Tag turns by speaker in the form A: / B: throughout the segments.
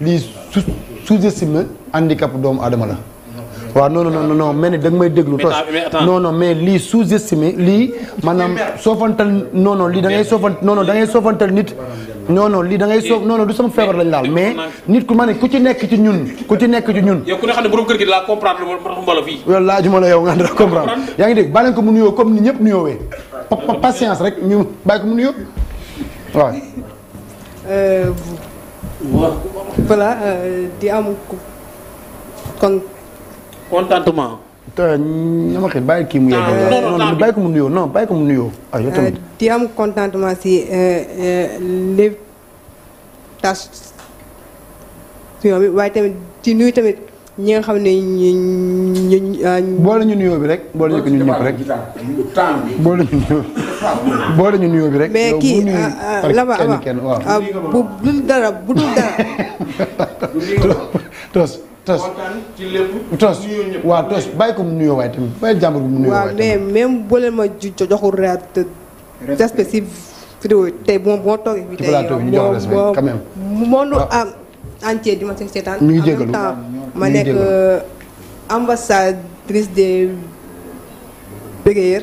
A: lii su sous-estime handicap doomu aadama la. waa noonu non non mais ne da may déglu tos non non mais lii sous-estimé lii maanaam soofantal non lii dangay ngay soofan da ngay soofantal nit non non lii da ngay soof non non du sama feebar lañ laal mais nit ku ma ne ku ci nekk ci ñun ku ci nekk ci ñun yow ku ne xam ne laa comprendre lu yow laajuma la yow nga dara yaa ngi dégg bàyyi leen ko mu nuyoo comme ni ñëpp nuyoowee patience rek ñu bàyyi ko mu nuyoo waaw euh, Voilà, euh,
B: di am kon contentement.
A: te ñama xet bàyyi kii mu yegg. non non bàyyi ko mu nuyoo non bàyyi ko mu nuyoo. ah yow tamit
B: di am contentement si les tâches yoo xam waaye tamit di nuyu tamit ñi nga xam ne ñu ñu. boole ñu nuyoo bi rek
A: boole ñu ko ñun ñëpp rek. boole ñu nuyoo. boo dañu nuyoo bi rek. mais kii ah, ah, la ba waaw ah,
B: bu dul dara bu
A: tos tos tos waaw tos bàyyi ko mu nuyoo waaye tamit bàyyi jàmbur bi mu nuyoo waaye tamit.
B: mais même ma joxul raad respective tey bu ma bu ma toogee fii tey yow ñu ngi jégalu
A: ma nekk euh,
B: ambassadrice des bégayer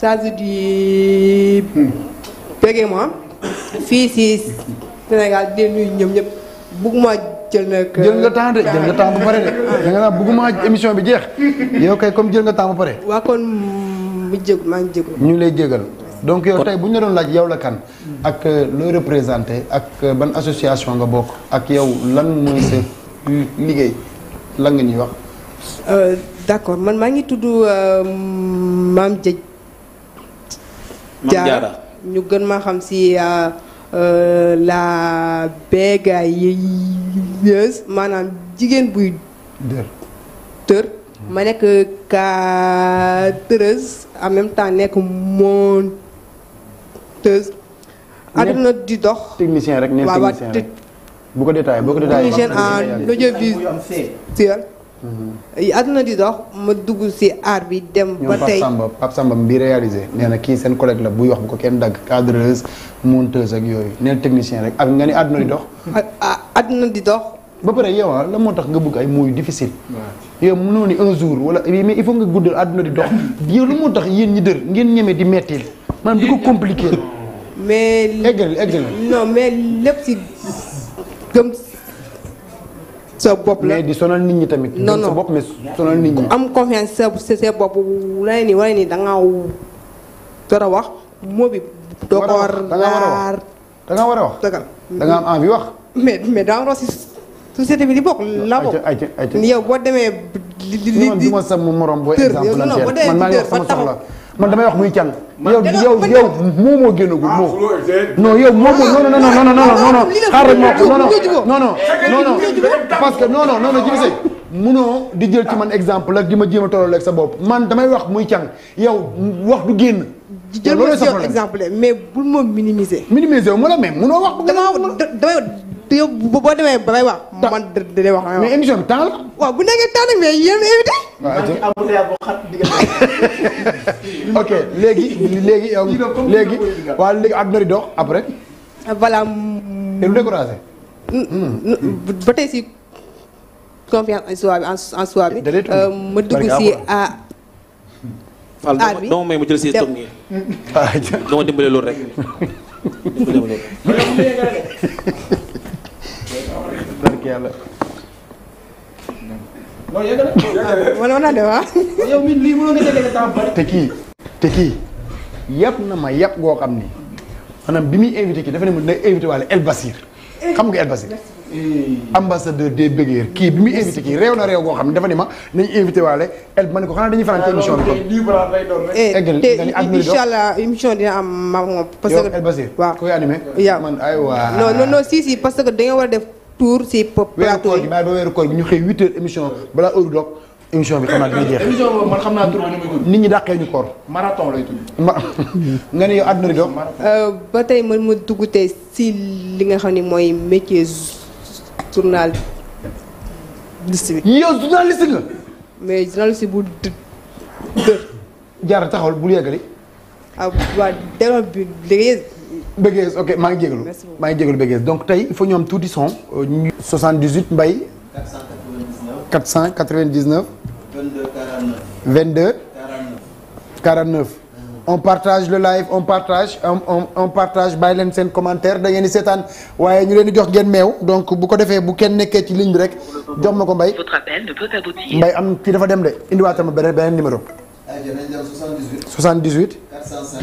B: ça se dit pege moi fii Sénégal di nuyu ñoom ñëpp bugguma jël nag jël nga temps de jël nga temps ba pare de da nga naan bugguma émission bi jeex yow
A: kay comme jël nga temps ba pare waa kon mu jég maa ngi jégal ñu lay jégal donc yow tey bu ñu doon laaj yow la kan ak euh, looy représenté ak euh, ban association nga bokk ak yow lan mooy sa liggéey lan nga ñuy wax euh, d'accord man ma ngi tudd maam Diej
B: Diarra ñu gën maa xam si euh, euh, la bégayeuse maanaam jigéen buy. dër tër. ma nekk cadreuse en même temps nekk
A: monteuse. àdduna di dox. technicien rek nee technicien rek bu ko détaillé boo ko détaillé. technicien en
B: audiovisuel
A: Mm-hmm.
B: aduna di dox ma dugg si aar bi dem ba tey samba
A: pap samba bi réalisé nee na kii seen collègue la buy wax bu ko kenn dagg cadreuse monteuse ak yooyu neen technicien rek ak nga ni aduna di dox aduna di dox ba pare yow ah, la moo tax nga bëgg ay mooyu difficile yow mënoo ni un jour wala mais il faut nga guddal aduna di dox yow la moo tax ñi dër ngeen ñemee di mettil maanaam di compliquer mais eggal eggal non mais lépp si gëm sa bopp la mais di sonal nit ñi tamit. non non sa bopp mais sonal nit ñi.
B: am confiance sa sa bopp lay ni wala nii da ngaa war a wax moo bi. doo ko war da nga war a wax
A: da nga am envie wax. mais mais daa war a si société bi bokk la bokk. yow boo demee. li li li li ma sa morom booy exemple man maa ngi wax sama soxla man damay wax muy càng. yow yow yow moomoo génnagul moo. non yow moomoo non non non non non non non xaaral ma non non non non parce que non non non non Djibi Sèye munoo di jël ci exemple ak di ma jéem a tolloo ak sa bopp man damay wax mu càng yow wax du génn. jël ma exemple mais bul ma minimiser. minimiser wu ma la mais munoo wax. dama
B: dama. te yow boo demee bay wax. man day wax mais émission bi temps bu nekkee temps nag mais yéen invité. waaw
A: ok léegi léegi yow euh, léegi waaw léegi ak dox après. Ah, voilà. Hmm.
B: te si confiance en soi bi en euh, soi ma dugg si à.
A: Fall dama may ma jël si toog nii. Ah, dama loolu rek. dëgg yàlla. non yëg na. wala wala de waaw. te kii te kii yàpp na ma yàpp goo xam ni maanaam bi muy invité kii dafa ne ma day invité waale El Basir xam nga El eh. ambassadeur des Béguer kii bi muy invité kii réew na réew goo xam ne dafa ni ma nañ invité waale el ma ne ko xanaa dañuy fanaan ci émission bi kon. Ah, eh, te incha
B: allah émission am ma moom. parce
A: koy animé. yaa man aywa. non non non
B: si si parce que da war a def. tour si
A: plateau yi ba weeru koor bi ñu xëy huit heures émission balaa heure dog émission bi xam naa dina jeex. émission boobu man xam naa tur bi ni nit ñi dàqee ñu koor. marathon lay tudd. ma nga ne yow àdduna di dox.
B: Euh, ba tey man ma dugg tey si li nga xam ne mooy métier journaliste
A: bi. yow journaliste nga. mais journaliste bu dë dër. jaar taxawal bul yeggali. ah waa delloo bi léegi. Béguès ok maa ngi jégalu maa ngi donc tey il faut ñu am tuuti son. 78 euh, Mbaye. 499 499. 22 49. 22. 49. 49. on partage le live on partage on on, partage bàyyi leen seen commentaires. da ngeen di seetaan waaye ñu leen di jox ngeen meew donc bu ko defee bu kenn nekkee ci ligne bi rek jox ma ko Mbaye. votre appel ne peut aboutir. Mbaye am kii dafa dem de indiwaatam beneen beneen numéro. 78. 78. 405.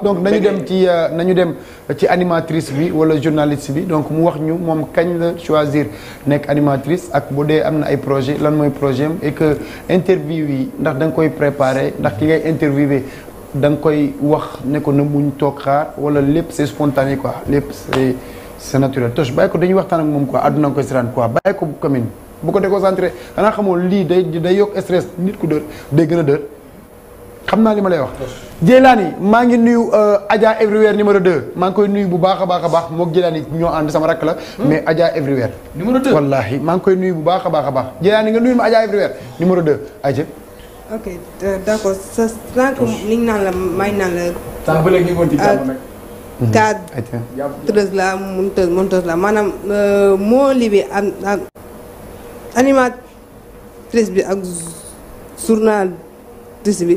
A: donc nañu dem ci euh, nañu dem ci animatrice bi wala journaliste bi donc mu wax ñu mom kañ la choisir nek animatrice ak bu dé amna ay projet lan moy projet et que interview yi ndax dang koy préparer ndax ki ngay interviewé dang koy wax ne ko na muñ tok xaar wala lepp c'est spontané quoi lepp c'est c'est naturel Toch bàyyi ko dañuy waxtan ak mom quoi aduna nga koy seetaan quoi bàyyi ko commune bu ko déconcentré xanaa xamoo li day day yok stress nit ku deur day gëna deur xam naa li ma lay wax. Jeylaani maa ngi nuyu euh, Adja Everywhere numéro 2 maa ngi koy nuyu bu baax a baax a baax moog Jeylaani ñoo sama rakk la. Hmm? mais Adja Everywhere. numéro 2 wallaahi maa ngi koy nuyu bu baax baax baax Jeylaani nga nuyu ma Adja Everywhere
B: ok euh, d' accord sa sànq ni la may naan la. sànq ngi woon ci euh,
A: mhm.
B: la monteuse monteuse la maanaam moo li bi animatrice bi ak journaliste bi.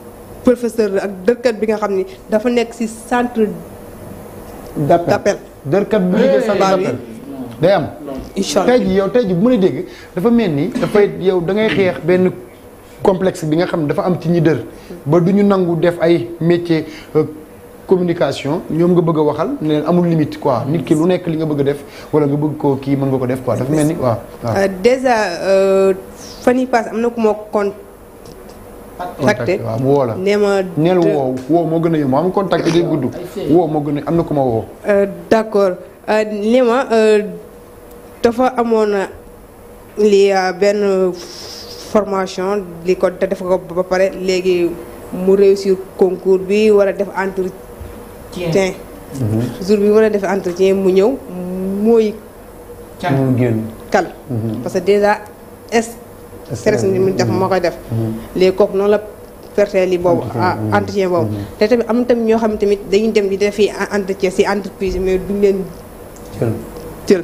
B: professeur ak dërkat bi nga xam ni dafa nekk ci centre
A: d'appel dërkat bi nekk centre d'appel day am tey ji yow tey ji bu mën a dégg dafa mel ni dafay yow da ngay xeex benn complexe bi nga xam dafa am ci ñi dër ba du nangu def ay métier euh, communication ñoom nga bëgg a waxal ne amul limite quoi nit ki lu nekk li nga bëgg def wala nga bëgg koo kii mën nga ko def quoi dafa mel ni waaw euh,
B: déjà euh, fan yi pass am na ku compte
A: contacté waaw mu woo la nee ma neel woo woo moo gën a yomb am contact day gudd woo moo gën a am na ko ma woo
B: euh, d'accord euh, nee ma euh, dafa amoon li benn formation li ko def ko ba pare léegi mu réussir concours bi war a def entretien mhm. jour bi war a def entretien mu ñëw mooy kal mhm. parce que déjà est stress ni mu def moo koy def mm-hmm. léegi kook noonu la perte li boobu mm-hmm. ah, entretien boobu mm-hmm. te tamit am tamit ñoo xam tamit dañuy dem di def fi entretien si entreprise mais duñ leen jël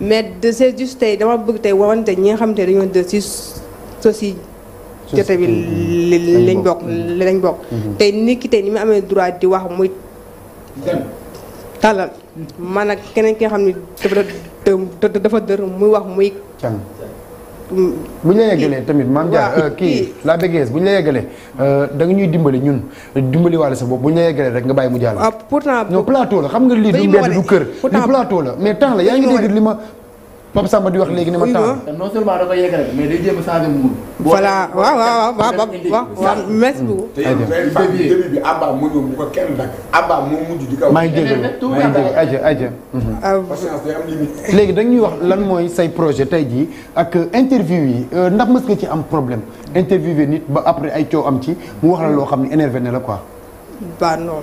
B: mais de c'est juste tey dama bëgg tey wawante ñi nga xam te dañoo de si sosi jote bi lañ bokk lañ bokk tey nit ki tey ni mu amee droit di wax muy talal man a keneen ki nga xam ne dafa dafa dër muy wax muy bu
A: ñu la yeggalee tamit maam Dia euh, kii la béggees bu ñu la yeggalee euh, da nga ñuy dimbali ñun dimbali waale sa bopp bu ñu la yeggalee rek nga bàyyi mu jàll. Ah, pourtant non plateau la xam nga lii du mbedd du kër. li plateau la mais temps la yaa ngi dégg li ma Pape Samba di wax léegi ni ma temps. non seulement da koy yegg rek mais day jéem a changer mu. voilà waaw waaw waaw waaw waaw merci beaucoup. te début bi Abba mu ñëw bu ko kenn dagg. Abba moo mujj di ko. maa ngi jégalu maa ngi jégalu aja aja. patience day am limite. léegi dañuy wax lan mooy say projet tey jii ak interview yi ndax mës nga ci am problème interviewé nit ba après ay coow am ci mu wax la loo xam ne énervé na la quoi. waaw non.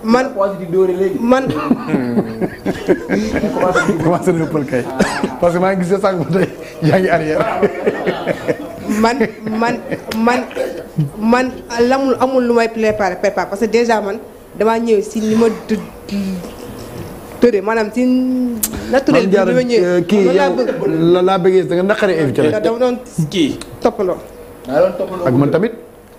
A: man man. commencé na ëppal
B: man amul lu may préparé préparé parce que déjà man damaa ñëw si ni ma tëddee maanaam si
A: naturel bi ma ñëwee. kii yow laa bëggee da nga naqaree invité rek. da doon toppandoo. ak man tamit.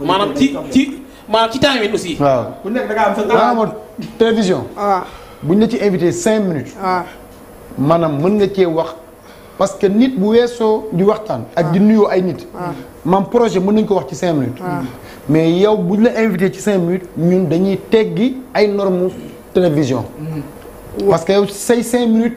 A: Madame ti ti madame ti time aussi. Ah. Ah. Télévision. Ah. Vous êtes invité 5 minutes. Ah. Madame, vous êtes invité voir. Parce que nit bouée so du wartan ah. et du nuo ay nit. Ah. Mon projet, mon inco voir 5 minutes. Ah. Mais y a au bout de 5 minutes, nous donnez tagi ay normes télévision. Mm-hmm. Parce que ces 5 minutes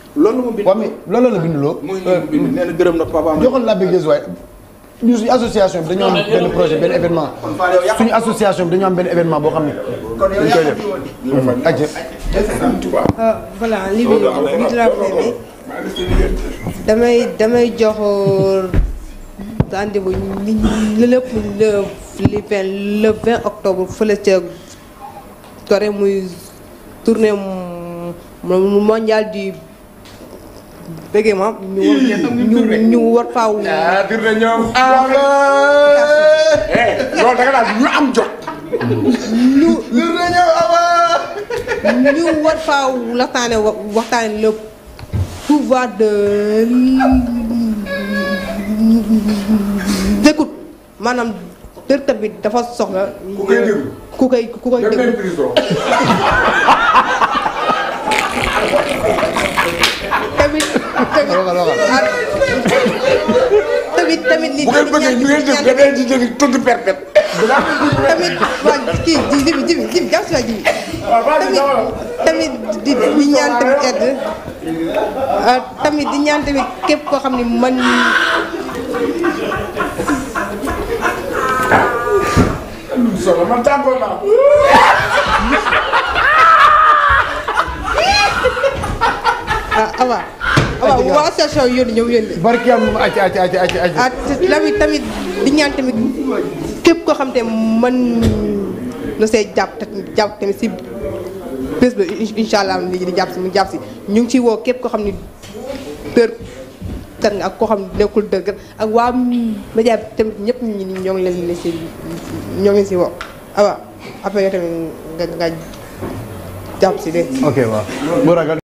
A: loolu mu bind waaw mais loolu la binduloo. mooy bind nee na gërëm am. joxal l'abbé Guédiawaye suñu association bi dañoo am benn projet benn événement suñu association bi dañoo am benn événement boo xam ne. kon yow yaa ngi fi
B: euh, bi damay damay jox euh, rendez-vous li lépp le li le 20 octobre fële ca Corée muy tournée mondiale du. bëggee ma ñu
A: ñu war faaw. ah tur na ñoom. ñu am jot. ñu
B: waxtaane waxtaane le pouvoir de d'écoute maanaam dërët bi dafa soxla. ku koy ku koy ku tamit tamit tamit nit ñi bu ngeen di ñaan tamit edd ah, tamit di ñaan tamit képp koo xam ne man solo ah, awa waaw waa station yónni ñoom yónni. barki am acc acc acc acc acc lami tamit di ñaan tamit képp koo xam te mën na see jàpp te jàpp tamit si bés ba incha allah léegi di jàpp si mu jàpp si ñu ngi ciy woo képp koo xam ne dër kat nga ak koo xam ne nekkul dër kat ak waa média bi tamit ñëpp ñi ñoo ngi leen si ñoo ngi leen si woo ah, awa après tamit nga nga jàpp si de ok waaw